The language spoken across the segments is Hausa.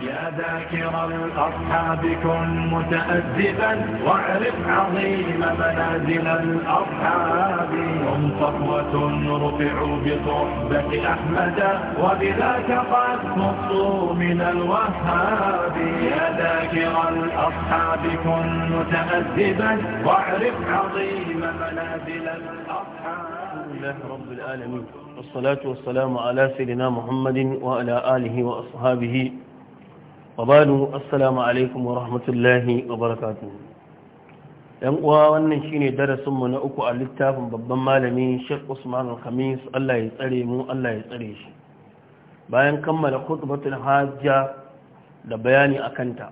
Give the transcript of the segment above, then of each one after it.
يا ذاكر الأصحاب كن متأدبا واعرف عظيم منازل الأصحاب هم صفوة رفعوا بصحبة أحمد وبذاك قد نصوا من الوهاب يا ذاكر الأصحاب كن متأدبا واعرف عظيم منازل الأصحاب لله رب العالمين والصلاة والسلام على سيدنا محمد وعلى آله وأصحابه وبعد السلام عليكم ورحمة الله وبركاته uwa wannan shine darasinmu na uku a littafin babban malami Sheikh Usman Al-Khamis Allah ya tsare mu Allah ya tsare shi bayan kammala khutbatul hajja da bayani akanta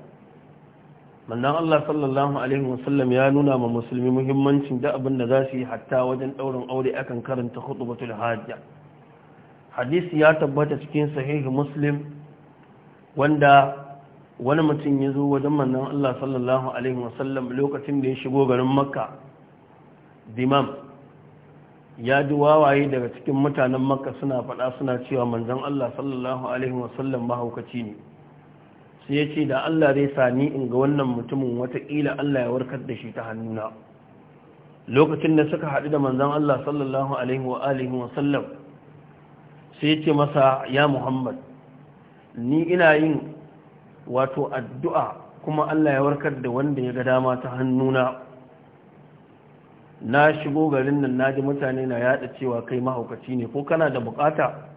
mannan Allah sallallahu alaihi wasallam ya nuna ma musulmi muhimmancin da abin da za su yi hatta wajen daurin aure akan karanta khutbatul hajja hadisi ya tabbata cikin sahihi muslim wanda wani mutum ya zo wajen manna Allah sallallahu alaihi wasallam lokacin da ya shigo garin makka dimam ya ji wawaye daga cikin mutanen makka suna faɗa suna cewa manzon Allah sallallahu alaihi wasallam mahaukaci ne sai ya ce da Allah zai sani in ga wannan mutumin watakila Allah ya warkar da shi ta hannuna lokacin da suka haɗu da manzan Allah sallallahu alaihi wa sai ya ce masa ya Muhammad ni ina yin wato addu'a kuma Allah ya warkar da wanda ya ga dama ta hannuna na shigo garin nan na ji mutane na yada cewa kai mahaukaci ne ko kana da bukata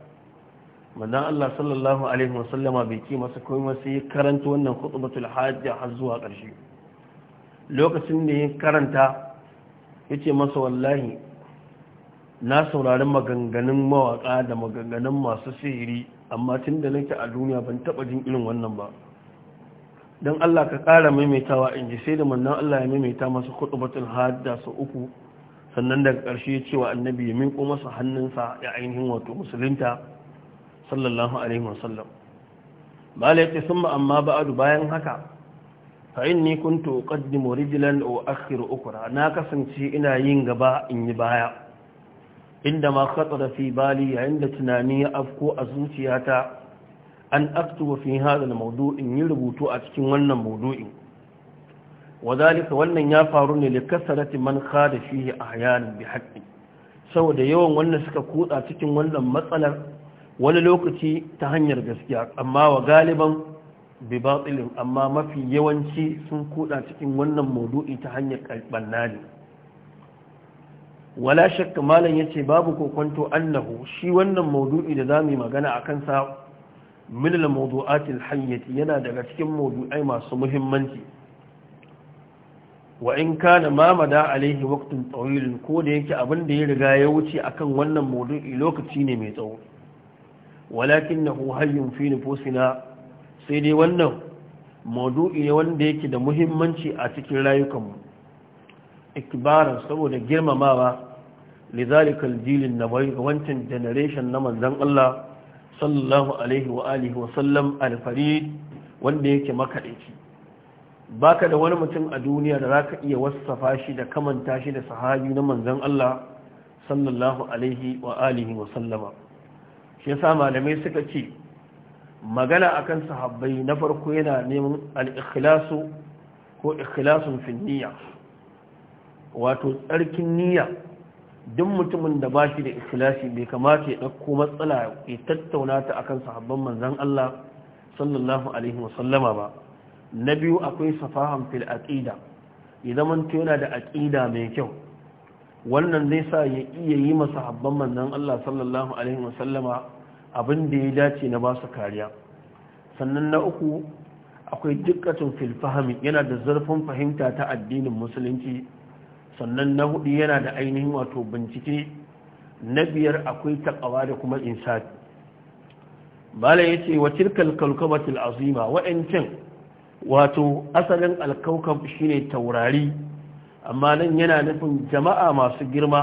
manzan Allah sallallahu alaihi wasallama bai ce masa komai sai karanta wannan khutbatul hajja har zuwa ƙarshe lokacin da ya karanta ya ce masa wallahi na saurari maganganun mawaƙa da maganganun masu sihiri amma tun da nake a duniya ban taɓa jin irin wannan ba don Allah ka ƙara maimaitawa in ji sai da manzan Allah ya maimaita masa khutbatul hajja sau uku sannan daga ƙarshe ya cewa annabi ya miƙo masa hannunsa ya ainihin wato musulunta sallallahu alaihi wasallam bala yake sun amma ba'adu bayan haka fa inni kuntu uqaddimu rijlan wa akhiru ukra na kasance ina yin gaba in yi baya inda ma khatara fi bali yayin da tunani ya afko a zuciyata an aktuba fi hada mawdu'in yi rubutu a cikin wannan mawdu'in wadalika wannan ya faru ne li kasarati man khada fihi ahyan bi haqqi saboda yawan wanda suka kutsa cikin wannan matsalar wani lokaci ta hanyar gaskiya amma wa galiban bi amma mafi yawanci sun kuda cikin wannan maudu'i ta hanyar banna ne wala shakka malam yace babu kokonto annahu shi wannan maudu'i da zamu magana akan sa min al-mawdu'at al-hayyati yana daga cikin maudu'ai masu muhimmanci wa in kana ma mada alaihi waqtun tawil ko da yake abin da ya riga ya wuce akan wannan maudu'i lokaci ne mai tsawo walakin na hayyun fi nufusina sai dai wannan maudu'i ne wanda yake da muhimmanci a cikin rayukanmu Ikibarar saboda girmamawa لذلك الجيل wancan وانتن na Manzan Allah Sallallahu alaihi الله wa وآله وسلم الفريد wanda yake makaɗaici baka da wani mutum a duniya da zaka iya wassafa shi da kamanta shi da sahabi na Manzan Allah sallallahu alaihi wa alihi wa sallama shi yasa malamai suka ce magana akan sahabbai na farko yana neman al-ikhlasu ko ikhlasun fi wato tsarkin niyya duk mutumin da ba shi da ikhlasi bai kamata ya ɗauko matsala ya tattauna ta akan sahabban manzan Allah sallallahu alaihi wasallama ba na biyu akwai safahan fil aqida idan mun yana da aqida mai kyau wannan zai sa ya iya yi masa habban manzan Allah sallallahu alaihi wasallama abin da ya dace na ba su kariya sannan na uku akwai dikkatun filfahami yana da zurfin fahimta ta addinin musulunci sannan na hudu yana da ainihin wato bincike na biyar akwai takawa da kuma insafi bala ya ce wa cirkal kalkabatul azima wa'ancin wato asalin alkaukab shine taurari amma nan yana nufin jama'a masu girma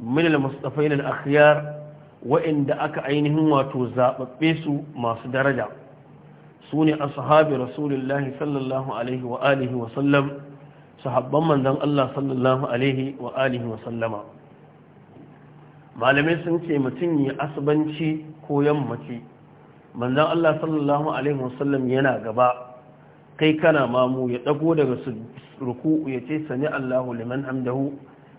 minal mustafain al-akhyar wa'inda aka ainihin wato zababbe su masu daraja su ne a ashabi rasulullahi sallallahu alaihi wa alihi wa sallam sahabban manzon Allah sallallahu alaihi wa alihi wa sallama malamai sun ce mutum ya asubanci ko yammaci manzan Allah sallallahu alaihi wa sallam yana gaba kai kana mamu ya dago daga ruku'u ya ce sani Allahu liman hamdahu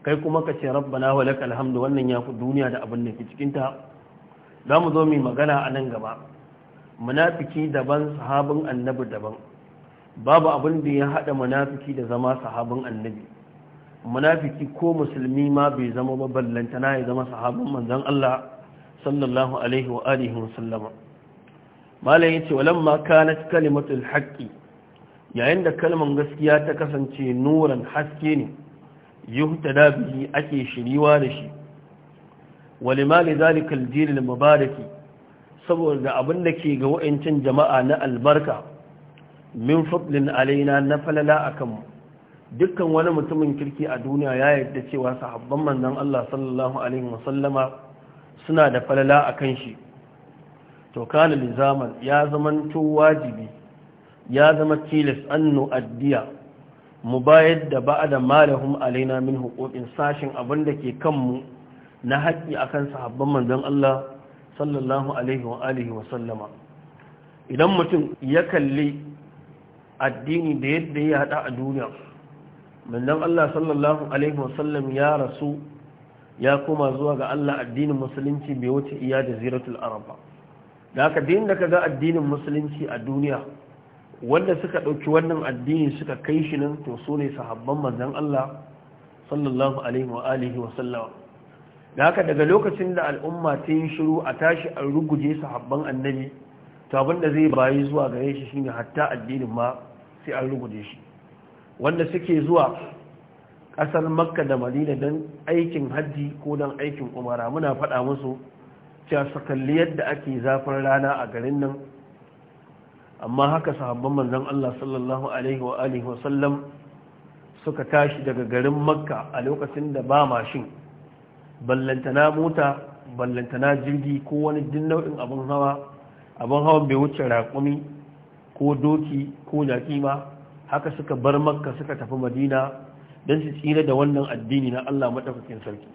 kai kuma ka ce rabbana wa lakal hamdu wannan ya fi duniya da abin da ke cikin za mu zo mai magana a nan gaba munafiki daban sahabin annabi daban babu abin da ya haɗa munafiki da zama sahabin annabi munafiki ko musulmi ma bai zama ba ballantana ya zama sahabin manzon Allah sallallahu alaihi wa alihi wa sallama malai yace walamma kanat kalimatul haqqi yayin da kalman gaskiya ta kasance nuran haske ne yuhtada bihi ake shiriwa da shi walimali zalika aljil mubaraki saboda abin da ke ga wa'incin jama'a na albarka min fadlin alaina na falala akan dukkan wani mutumin kirki a duniya ya yadda cewa sahabban manzon Allah sallallahu alaihi wasallama suna da falala akan shi to kana lizaman ya to wajibi ya zama tilas an nu'addiya mu bayar da da malahun alaina min huquqin sashin abinda ke kanmu na haƙƙi akan sahabban manzon Allah sallallahu alaihi wa alihi wa sallama idan mutum ya kalli addini da yadda ya hada a duniya manzon Allah sallallahu alaihi wa sallam ya rasu ya koma zuwa ga Allah addinin musulunci bai wuce iya da ziratul araba da haka din da kaga addinin musulunci a duniya wanda suka ɗauki wannan addini suka kai shi nan to su ne sahabban manzan Allah sallallahu alaihi wa alihi wa sallama da haka daga lokacin da al'umma ta yi shiru a tashi a ruguje sahabban annabi to abin da zai bayi zuwa gare shi shine hatta addinin ma sai an ruguje shi wanda suke zuwa ƙasar makka da madina don aikin hajji ko don aikin umara muna faɗa musu cewa sakalliyar kalli yadda ake zafin rana a garin nan amma haka sahabban manzan Allah sallallahu alaihi wa alaihi wa sallam suka tashi daga garin makka a lokacin da ba mashin ballantana mota ballantana jirgi ko wani jin nau'in abin hawa abin hawan bai wuce raƙumi ko doki ko jaki ba haka suka bar makka suka tafi madina don su tsira da wannan addini na Allah madaukakin sarki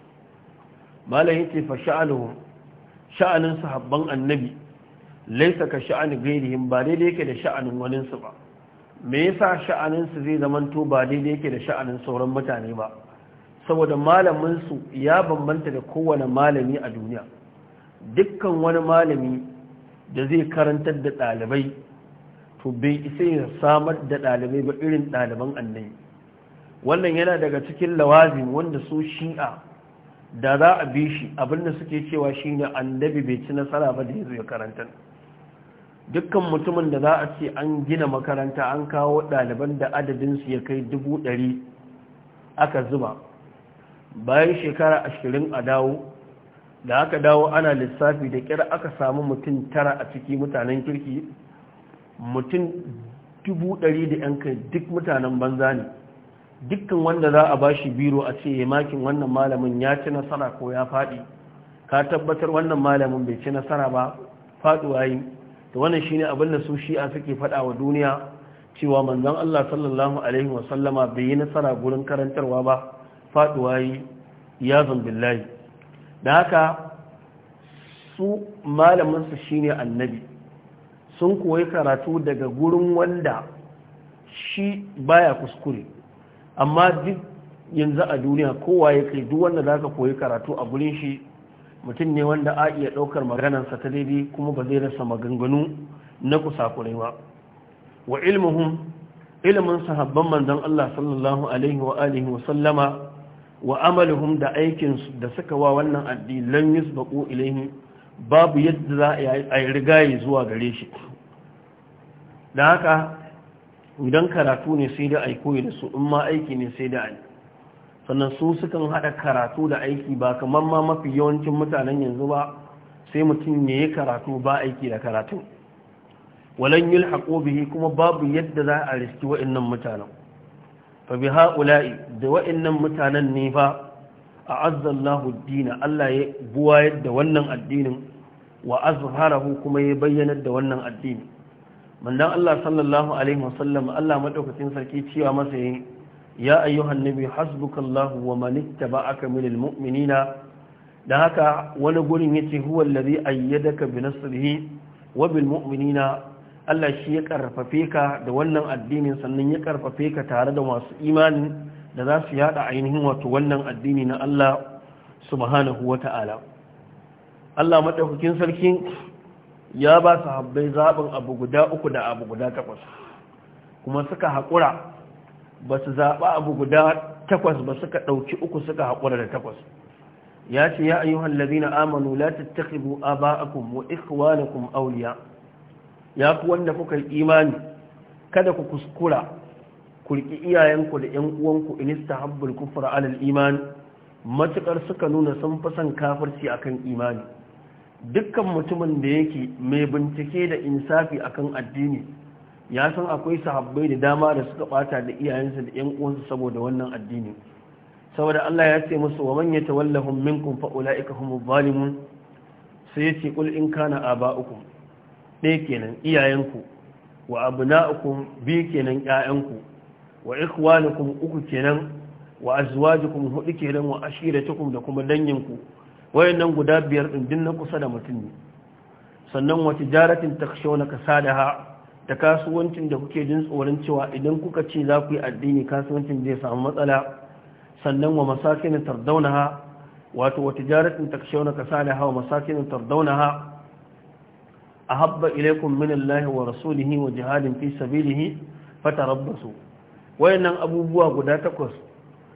malam ce fa sha'aluhu sha'anin sahabban annabi laisa ka sha'ani gairihim ba daidai yake da sha'anin waninsu ba me yasa sha'aninsu zai zamanto ba daidai yake da sha'anin sauran mutane ba saboda malaminsu ya bambanta da kowane malami a duniya dukkan wani malami da zai karantar da ɗalibai to bai isa ya samar da ɗalibai ba irin ɗaliban annabi wannan yana daga cikin lawazin wanda su shi'a da za a bi shi abinda suke cewa shi ne annabi bai ci nasara ba da ya zo ya karantar dukkan mutumin da za a ce an gina makaranta an kawo ɗaliban da adadinsu ya kai dubu ɗari aka zuba bayan shekara ashirin a dawo da aka dawo ana lissafi da ƙira aka samu mutum tara a ciki mutanen kirki mutum dubu ɗari da ‘yan kai duk mutanen banza ne dukkan wanda za a ba shi biro a ce ya makin wannan malamin ya ci nasara ko ya faɗi ka tabbatar wannan malamin bai ci nasara ba faɗuwa yi Da wannan shine abin da su shi'a suke faɗa wa duniya cewa manzon Allah sallallahu alaihi wa sallama bai yi nasara gurin karantarwa ba faduwa yi yazun billahi da haka su malamin su shine annabi sun koyi karatu daga gurin wanda shi baya kuskure amma duk yanzu a duniya kowa ya kai duk wanda zaka koyi karatu a gurin shi mutum ne wanda a iya ɗaukar maganarsa ta daidai kuma ba zai rasa maganganu na kusa kusakurai ba wa ilmuhum ilmin sahabban manzon Allah sallallahu alaihi wa alihi wa sallama wa amaluhum da aikin da suka wa wannan addini lan yusbaqu ilaihi babu yadda za a yi rigaye zuwa gare shi da haka idan karatu ne sai da aiko da in ma aiki ne sai da aiki sannan su sukan haɗa karatu da aiki ba kamar ma mafi yawancin mutanen yanzu ba sai mutum ya yi karatu ba aiki da karatu walan yul bihi kuma babu yadda za a riski wa'annan mutanen fa bi ha'ula'i da wa'annan mutanen ne fa a azzallahu dina Allah ya buwa yadda wannan addinin wa azharahu kuma ya bayyana da wannan addini mandan Allah sallallahu alaihi wasallam Allah madaukakin sarki cewa masa yayin ya ayyuhan nabi hasbukallahu wa man ittaba'aka minal mu'minina dan haka wani gurin yace huwa allazi ayyadaka bi nasrihi wa bil mu'minina Allah shi ya karfafe ka da wannan addinin sannan ya karfafe ka tare da masu imani da za su yada ainihin wato wannan addini na Allah subhanahu wata'ala Allah madaukakin sarkin ya ba su zaɓin abu guda uku da abu guda takwas kuma suka haƙura ba su zaɓa abu guda takwas ba suka ɗauki uku suka haƙura da takwas ya ce ya ayyuhan lazina amanu la tattakhidhu aba'akum wa kuma auliya ya fi wanda kuka yi imani kada ku kuskura kurki iyayenku da 'yan'uwanku uwanku in istahabbul kufra ala al imani, matukar suka nuna sun fi son kafirci akan imani dukkan mutumin da yake mai bincike da insafi akan addini ya san akwai sahabbai da dama da suka bata da iyayensu da ƴan uwansu saboda wannan addini saboda Allah ya ce musu wa man yatawallahum minkum fa ulaika humuz zalimun sai ya ce kul in kana aba'ukum ɗaya kenan iyayenku wa abna'ukum bi kenan ƴaƴanku wa ikhwanukum uku kenan wa azwajukum hudu kenan wa ashiratukum da kuma danginku wayannan guda biyar din din na kusa da mutum ne sannan wa tijaratin takshawna kasadaha da kasuwancin da kuke jin tsoron cewa idan kuka ce za ku yi addini kasuwancin zai samu matsala sannan wa masakin tardaunaha wato wa tijaratin takshawna kasalaha wa masakin tardaunaha ahabba ilaykum min Allah wa rasulihi wa jihadin fi sabilihi rabbasu wayannan abubuwa guda takwas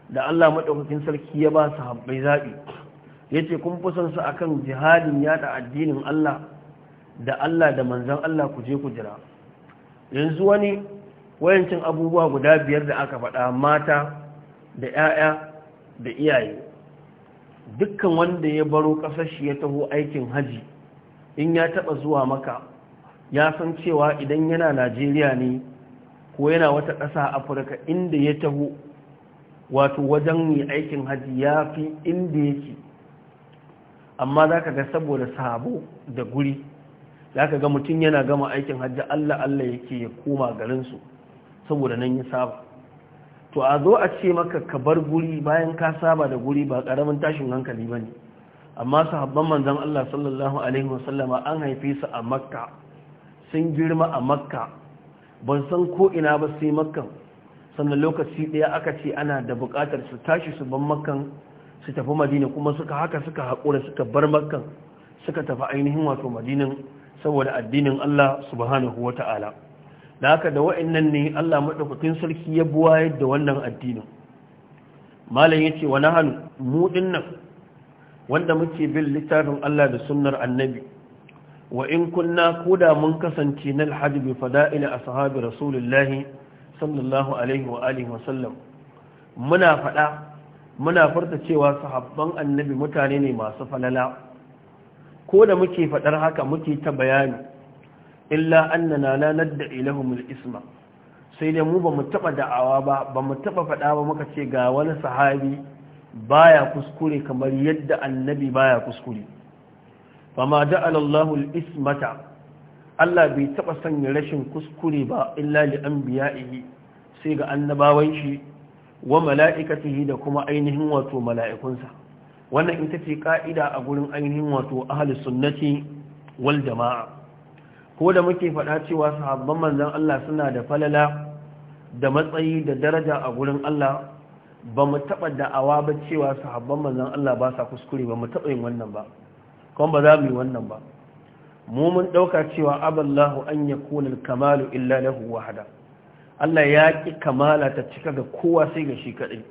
da Allah madaukakin sarki ya ba su habbai zabi yace kun fusan su akan jihadin yada addinin Allah da Allah da manzon Allah ku je ku jira yanzu wani wayancin abubuwa guda biyar da aka faɗa mata da 'ya'ya da iyaye dukkan wanda ya baro ƙasar shi ya taho aikin haji in ya taɓa zuwa maka ya san cewa idan yana najeriya ne ko yana wata ƙasa afirka inda ya taho wato wajen yi aikin haji ya fi inda yake amma za ka ga saboda sabo da guri za ka ga mutum yana gama aikin hajji Allah Allah yake ya koma garinsu saboda nan ya saba to a zo a ce maka ka bar guri bayan ka saba da guri ba karamin tashin hankali ba ne amma sahabban manzan Allah sallallahu alaihi wasallama an haife su a makka sun girma a makka ban san ko ina ba sai makkan sannan lokaci ɗaya aka ce ana da buƙatar su tashi su ban makkan su tafi madina kuma suka haka suka haƙura suka bar makkan suka tafi ainihin wato madinan saboda addinin Allah subhanahu wata'ala da haka da wa'annan ne Allah madaukakin sarki ya buwayar da wannan addinin malam yace wa nahanu mu nan. wanda muke bin littafin Allah da sunnar annabi wa in kunna koda mun kasance na alhaji bi fada'ila ashabi rasulullahi sallallahu alaihi wa alihi wa sallam muna fada muna furta cewa sahabban annabi mutane ne masu falala ko da muke faɗar haka muke ta bayani illa annana la nadda ilahumul isma sai dai mu ba mu taɓa da'awa ba ba mu taɓa faɗa ba muka ce ga wani sahabi baya kuskure kamar yadda annabi baya kuskure ma ja'ala Allahu Allah bai taba sanya rashin kuskure ba illa li anbiya'ihi sai ga annabawan shi wa mala'ikatihi da kuma ainihin wato mala'ikunsa wannan ita ce ƙa'ida a gurin ainihin wato ahlus sunnati wal jama'a ko da muke faɗa cewa sahabban manzan Allah suna da falala da matsayi da daraja a gurin Allah ba mu taɓa da'awa ba cewa sahabban manzan Allah ba sa kuskure ba mu taɓa yin wannan ba kuma ba za mu yi wannan ba mu mun ɗauka cewa aballahu an ya kuna kamalu illa lahu wahada Allah ya ƙi kamala ta cika ga kowa sai ga shi kaɗai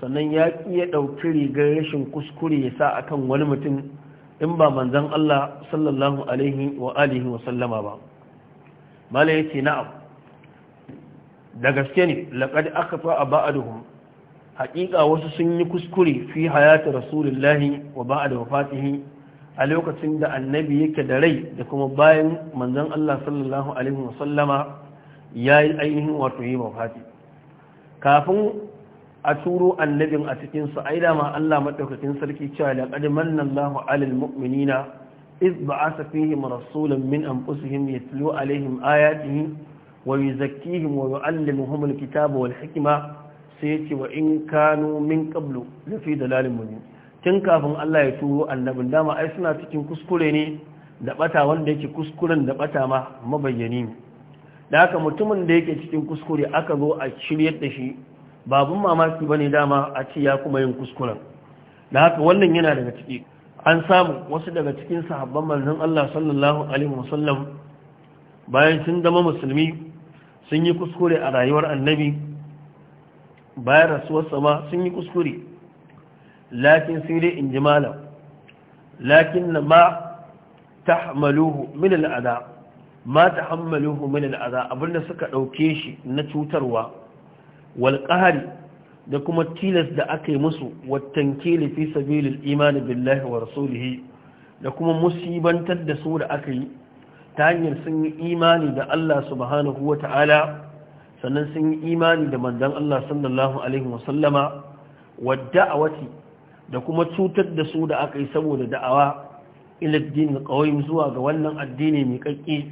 sannan ya ƙi ya ɗauki rigar rashin kuskure ya sa a kan wani mutum in ba manzan Allah sallallahu alaihi wa alihi wa sallama ba mala ya ce na'am da gaske ne laƙad aka fa a ba'aduhum haƙiƙa wasu sun yi kuskure fi hayata rasulullahi wa wa fatihi a lokacin da annabi yake da rai da kuma bayan manzan Allah sallallahu alaihi wa sallama ya yi ainihin wato yi Fati. kafin a turo annabin a cikin su ai dama Allah madaukakin sarki cewa laqad manna Allahu 'alal mu'minina iz ba'atha fihim rasulan min anfusihim yatlu 'alaihim ayatihi wa yuzakkihim wa yu'allimuhum al wal hikma sai yace wa in kanu min qablu lafi dalalin mubin tun kafin Allah ya turo annabin dama ai suna cikin kuskure ne da bata wanda yake kuskuren da bata ma mabayyani da haka mutumin da yake cikin kuskure aka zo a shiryar da shi babun mamaki ba ne dama a ce ya kuma yin kuskuren da haka wannan yana daga ciki an samu wasu daga cikin sahabban manzon Allah sallallahu alaihi wasallam bayan sun zama musulmi sun yi kuskure a rayuwar annabi bayan rasuwar sama sun yi kuskure lakin sai dai in ji malam lakin ma tahmaluhu min al'ada ma tahammaluhu min al'ada abinda suka ɗauke shi na cutarwa walƙahari da kuma tilas da aka yi musu wattankili fi sabilil imani billahi wa rasulihi da kuma musibantar da su da aka yi ta hanyar sun yi imani da Allah subhanahu wa ta'ala sannan sun yi imani da manzon Allah sallallahu alaihi wa wadda'awati da kuma cutar da su da aka yi saboda da'awa ila addinin qawim zuwa ga wannan addini mai kakki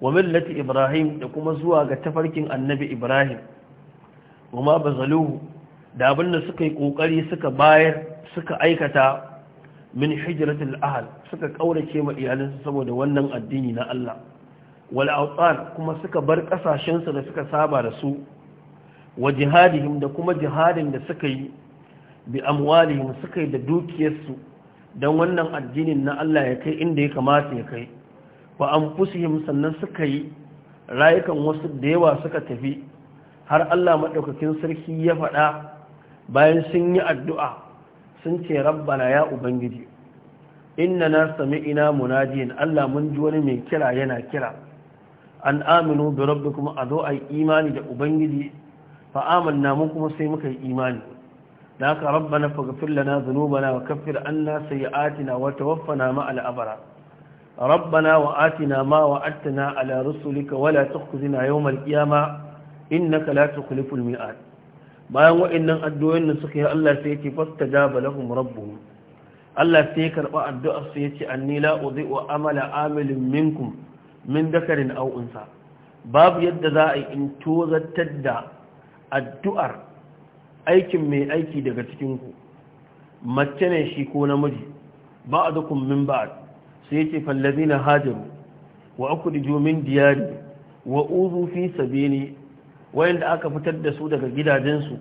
wa millati ibrahim da kuma zuwa ga tafarkin annabi ibrahim kuma ba zaluhu da abinda suka yi ƙoƙari suka bayar suka aikata min hijiratul ahal suka ƙaurace ma iyalinsu saboda wannan addini na Allah wal awtan kuma suka bar ƙasashensu da suka saba da su wa jihadihim da kuma jihadin da suka yi bi amwalihim suka yi da dukiyarsu don wannan addinin na Allah ya kai inda ya kamata ya kai wa anfusihim sannan suka yi rayukan wasu da yawa suka tafi har Allah maɗaukakin sarki ya faɗa bayan sun yi addu'a sun ce rabbana ya ubangiji inna na sami ina munadiyin Allah mun ji wani mai kira yana kira an aminu da rabbi kuma a zo a yi imani da ubangiji fa'aman namun kuma sai muka yi imani da aka rabbana fagafir lana zunubana wa kafir an na sayi atina wata waffana ma al'abara rabbana wa atina ma wa attina ala rusulika wala tukhzina yawmal qiyamah innaka la tukhliful mi'ad bayan wa'annan addu'o'in da suka yi Allah sai yake fastajaba lahum rabbuhum Allah sai ya karba addu'ar su yace anni la udhi'u amala amilin minkum min dakarin aw unsa babu yadda za a yi in tozartar da addu'ar aikin mai aiki daga cikin ku mace ne shi ko namiji ba'dukum min ba'd sai yace fallazina hajaru wa akhrijo min diyari wa uzu fi sabili wayanda aka fitar da su daga gidajensu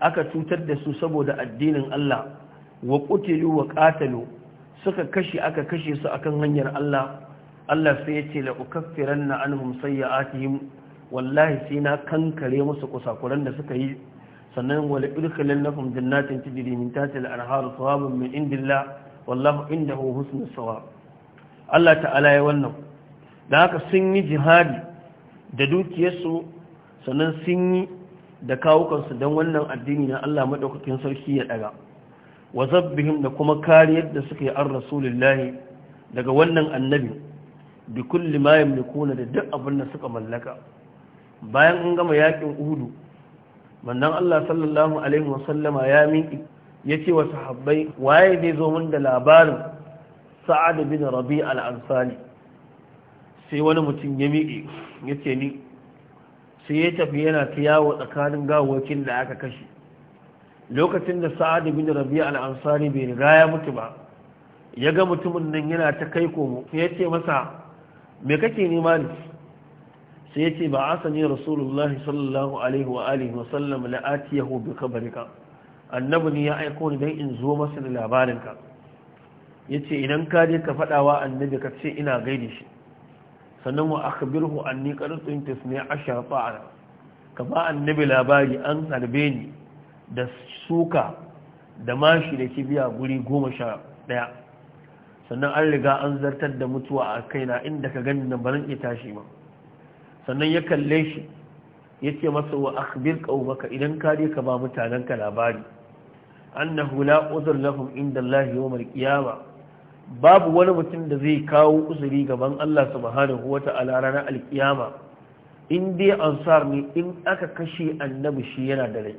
aka cutar da su saboda addinin Allah wa wa qatalu suka kashe aka kashe su akan hanyar Allah Allah sai ya ce la ukaffiranna anhum sayyi'atihim wallahi sai na kankare musu kusakuran da suka yi sannan wala udkhilannahum jannatin tajri min tahtiha al-anhar thawabun min indillah wallahu indahu husnus thawab Allah ta'ala ya wannan dan haka sun yi jihadi da dukiyarsu sannan sun yi da kawukansu don wannan addini na Allah maɗaukakin sarki ya ɗaga wa zabbihim da kuma kariyar da suka yi an rasulullahi daga wannan annabi da kulli ma yamlikuna da duk abin da suka mallaka bayan an gama yakin uhudu mannan Allah sallallahu alaihi wasallama ya miƙi ya ce wa sahabbai waye zai zo min da labarin sa'ad bin rabi al-ansari sai wani mutum ya miƙi ya ce ni sai ya tafi yana ta yawo tsakanin gawokin da aka kashe lokacin da sa'ad bin rabi'a al bai riga ya mutu ba ya ga mutumin nan yana ta kai komo sai ya ce masa me kake nema ne sai ya ce ba asani rasulullah sallallahu alaihi wa alihi wa sallam la atiyahu bi annabi ne ya aiko ni dan in zo masa da labarinka yace idan ka je ka wa annabi ka ce ina gaida shi sannan wa akhbirhu anni qad tsinta sunni ashar ta'a ka ba annabi labari an harbe ni da suka da mashi da kibiya guri goma sha ɗaya sannan an riga an zartar da mutuwa a kaina inda ka gani na baran iya tashi ba sannan ya kalle shi ya ce masa wa akhbir idan ka ka ba mutanenka labari annahu la udhr lahum inda Allah yawm al babu wani mutum da zai kawo uzuri gaban Allah subhanahu wata'ala ranar alkiyama in dai ansar ne in aka kashe annabi shi yana da rai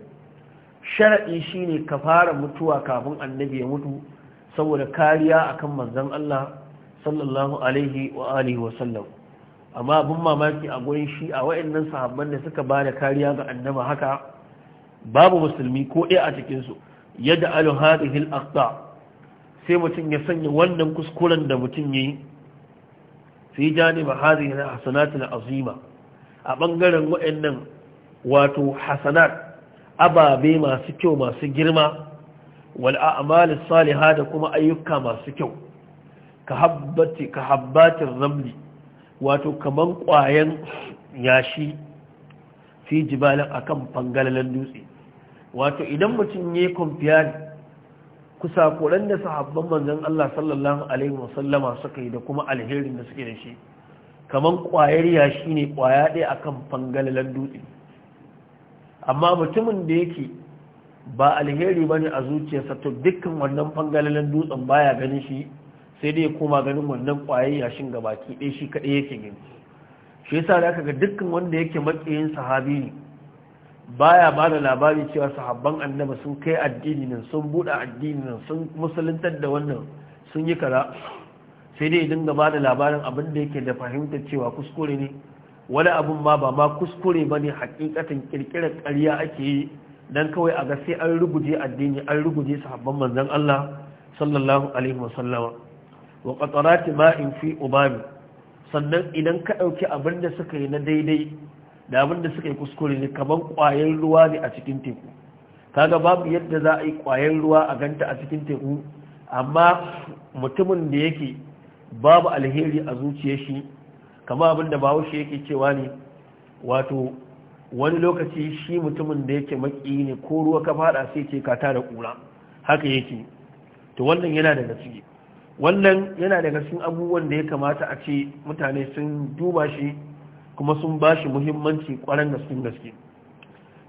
sharaɗi shine ka fara mutuwa kafin annabi ya mutu saboda kariya akan manzon Allah sallallahu alaihi wa alihi wa sallam amma abin mamaki a gurin shi a wayannan sahabban da suka bada kariya ga Annabi haka babu musulmi ko ɗaya a cikin su yadda alu hadhihi al-aqta sai mutum ya sanya wannan kuskuren da mutum yayi fi janiba na hasanatun azima a bangaren wayannan wato hasanat ababe masu kyau masu girma wal saliha da kuma ayyuka masu kyau ka habbati ka ramli wato kaman ƙwayan yashi fi jibalin akan fangalalen dutse wato idan mutum ya yi kwamfiyar kusakuran da sahabban manzon Allah sallallahu alaihi wasallama suka yi da kuma alherin da suke da shi Kamar kwayar yashi ne kwaya ɗaya akan fangalalan dutse amma mutumin da yake ba alheri ba ne a zuciyarsa to dukkan wannan fangalalan dutsen baya ganin shi sai dai koma ganin wannan kwayar yashin gabaki ɗaya shi kaɗai yake gani shi yasa da aka ga dukkan wanda yake matsayin sahabi ne baya ba da labari cewa sahabban annaba sun kai addini nan sun buɗe addini nan sun musuluntar da wannan sun yi kara. sai dai dinga gaba da labarin abin da yake da fahimtar cewa kuskure ne wani abin ma ba ma kuskure ba ne hakikatin kirkirar ƙarya ake yi don kawai a ga sai an ruguje addini an ruguje sahabban manzon Allah sallallahu alaihi wasallam wa qatarat ma'in fi ubami sannan idan ka ɗauki abin da suka yi na daidai da abin da suka yi kuskure ne kamar ƙwayar ruwa ne a cikin teku kaga babu yadda za a yi ƙwayar ruwa a ganta a cikin teku amma mutumin da yake babu alheri a zuciyar shi kama abin da bahaushe yake cewa ne wato wani lokaci shi mutumin da yake maki ne ko ruwa ka fada sai ce ka da kura haka yake to wannan yana daga ciki wannan yana daga cikin abubuwan da ya kamata a ce mutane sun duba shi kuma sun ba shi muhimmanci ƙwarar gaskin gaske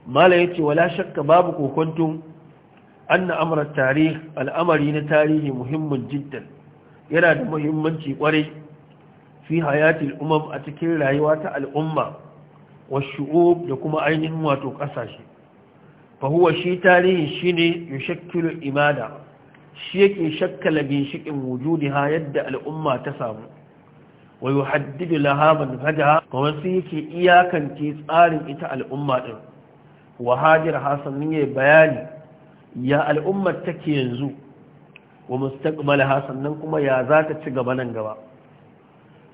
mala ya ce wala shakka babu kokwantun an na amurar tarih al'amari na tarihi muhimmin jiddan yana da muhimmanci ƙwarai fi hayatil umar a cikin rayuwa ta al'umma wa shu'ub da kuma ainihin wato ƙasashe fahuwa shi tarihi shi ne yushakkilu imada shi yake shakkala wujudi ha yadda al'umma ta samu wa yuhaddidu laha manhajaha kuma sai yake iyakance tsarin ita al'umma din wa hajar hasan ne bayani ya al'ummar take yanzu wa mustaqbalaha nan kuma ya za ta ci gaba nan gaba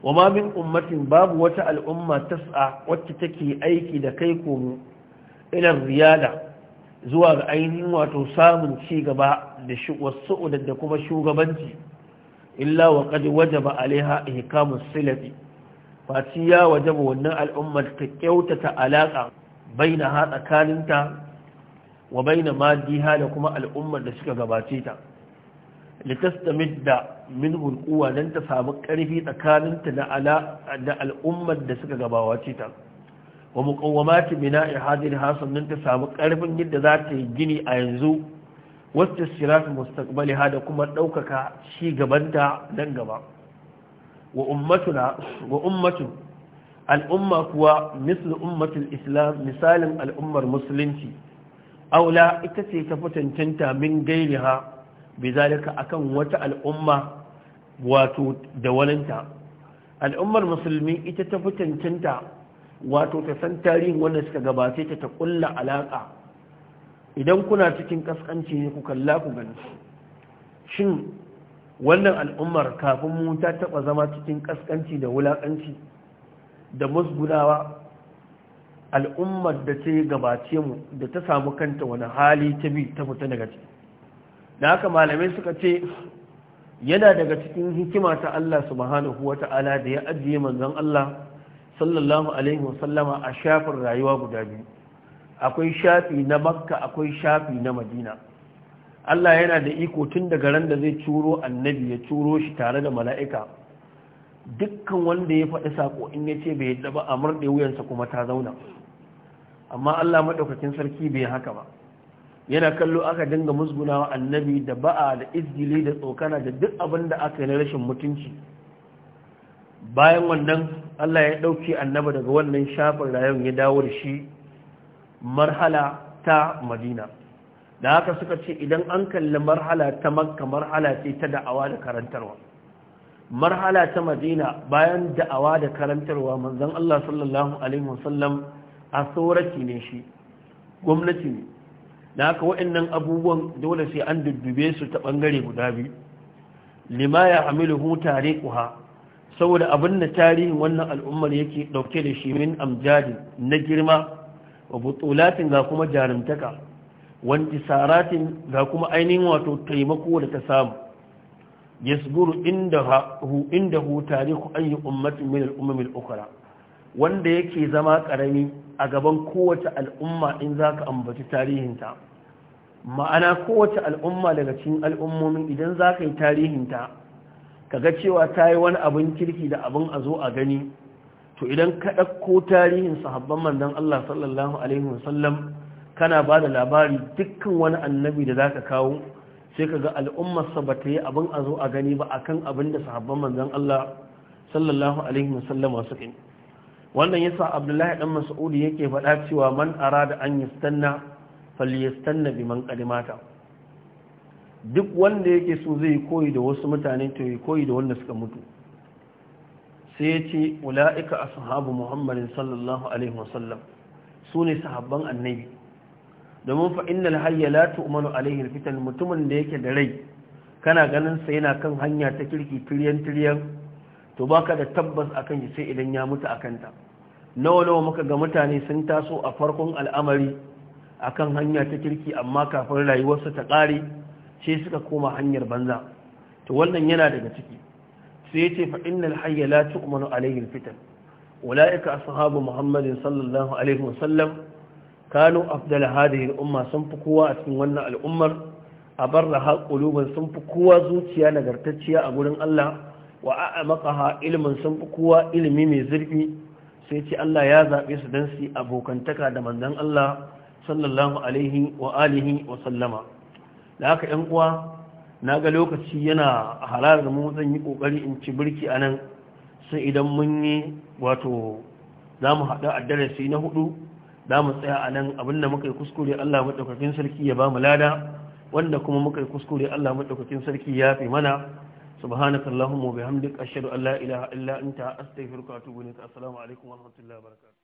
wa ma min ummatin babu wata al'umma tas'a wacce take aiki da kai komo ila riyada zuwa ga ainihin wato samun ci gaba da wasu da kuma shugabanci illa wa kadi wajaba alaiha ihkamus silati fati ya wajaba wannan al'ummar ta kyautata alaka baina ha tsakaninta wa baina madiha da kuma al'ummar da suka gabace ta litastamidda minhu alquwa dan ta samu karfi tsakaninta da ala da al'ummar da suka gabawace ta wa muqawwamati bina'i hadhihi hasan dan ta samu karfin yadda za ta yi gini a yanzu wasu shirafi mustaqbali da kuma ɗaukaka shi gabanta nan gaba wa ummatu al'umma kuwa mislu ummatul islam misalin al'ummar musulunci aula ita ce ta fitancanta min gairiha bizalika akan wata al'umma wato da waninta al'ummar musulmi ita ta fitancanta wato ta san tarihin wanda suka gabace ta ta kulla idan kuna cikin kaskanci ne ku kalla ku gani shin wannan al'ummar kafin mu ta taba zama cikin kaskanci da wulakanci da musgudawa al'ummar da ta gabace mu da ta samu kanta wani hali ta bi ta fita daga ciki da haka malamai suka ce yana daga cikin hikima ta Allah subhanahu wata'ala da ya ajiye manzon Allah sallallahu alaihi wasallama a shafin rayuwa guda biyu akwai shafi na makka akwai shafi na madina Allah yana da iko tun daga ran da zai curo annabi ya curo shi tare da mala'ika dukkan wanda ya faɗi sako in ya ce bai yadda ba a murɗe wuyansa kuma ta zauna amma Allah maɗaukakin sarki bai haka ba yana kallo aka dinga musgunawa annabi da ba'a da izgili da tsokana da duk abin da aka yi na rashin mutunci bayan wannan Allah ya ɗauki annaba daga wannan shafin rayon ya dawo da shi marhala ta madina da haka suka ce idan an kalli marhala ta makka marhala ce ta da'awa da karantarwa marhala ta madina bayan da'awa da karantarwa manzon Allah sallallahu alaihi wasallam a tsoraki ne shi gwamnati ne da haka waɗannan abubuwan dole sai an duddube su ta ɓangare guda biyu Limaya ya hamilu hu tare kuha saboda abin da tarihin wannan al'ummar yake ɗauke da shi min amjadi na girma wa ga kuma jarumtaka wanti saratin ga kuma ainihin wato taimako da ta samu yasburu inda hu tarihu an yi ummatin min al'ummin ukra wanda yake zama karami a gaban kowace al'umma in za ka ambaci tarihinta ma'ana kowace al'umma daga cikin al'ummomin idan za ka yi tarihinta ka ga cewa ta yi wani abin kirki da abin a zo a gani to idan ka ɗauko tarihin sahabban manzon Allah sallallahu alaihi wasallam kana ba da labari dukkan wani annabi da zaka kawo sai ga al'ummarsa ba ta yi abin a zo a gani ba akan abin da sahabban manzon Allah sallallahu alaihi wasallam suka yi wannan yasa Abdullahi ɗan Mas'ud yake faɗa cewa man da an yastanna falyastanna biman qadimata duk wanda yake so zai koyi da wasu mutane to ya koyi da wanda suka mutu sai ya ce a sahabu muhammadin sallallahu alaihi wasallam su ne sahabban annabi domin fa innal latu la tu'manu alaihi fitan mutumin da yake da rai kana ganin sa yana kan hanya ta kirki tiryan tiryan to baka da tabbas akan kan sai idan ya mutu a kanta nawa nawa muka ga mutane sun taso a farkon al'amari a kan hanya ta kirki amma kafin rayuwarsa ta ƙare ce suka koma hanyar banza to wannan yana daga ciki sai ce fa innal hayya la tu'manu alayhi alfitan ulaika ashabu muhammadin sallallahu alaihi wasallam kanu afdal hadhihi al-umma sun fi kowa a cikin wannan al'ummar a barraha quluban sun fi kowa zuciya nagartacciya a gurin Allah wa a'amaqaha ilmin sun fi kowa ilimi mai zurfi sai ce Allah ya zaɓe su dan su abokantaka da manzon Allah sallallahu alaihi wa alihi wa sallama da haka 'yan uwa na ga lokaci yana halarar mu zan yi kokari in ci birki a nan sai idan mun yi wato za mu haɗu a darasi na hudu za mu tsaya a nan abinda muka yi kuskure Allah maɗaukakin sarki ya ba mu lada wanda kuma muka yi kuskure Allah maɗaukakin sarki ya fi mana subhanaka allahumma wa bihamdika ashhadu an la ilaha illa anta astaghfiruka wa atubu ilaik assalamu alaikum wa rahmatullahi wa barakatuh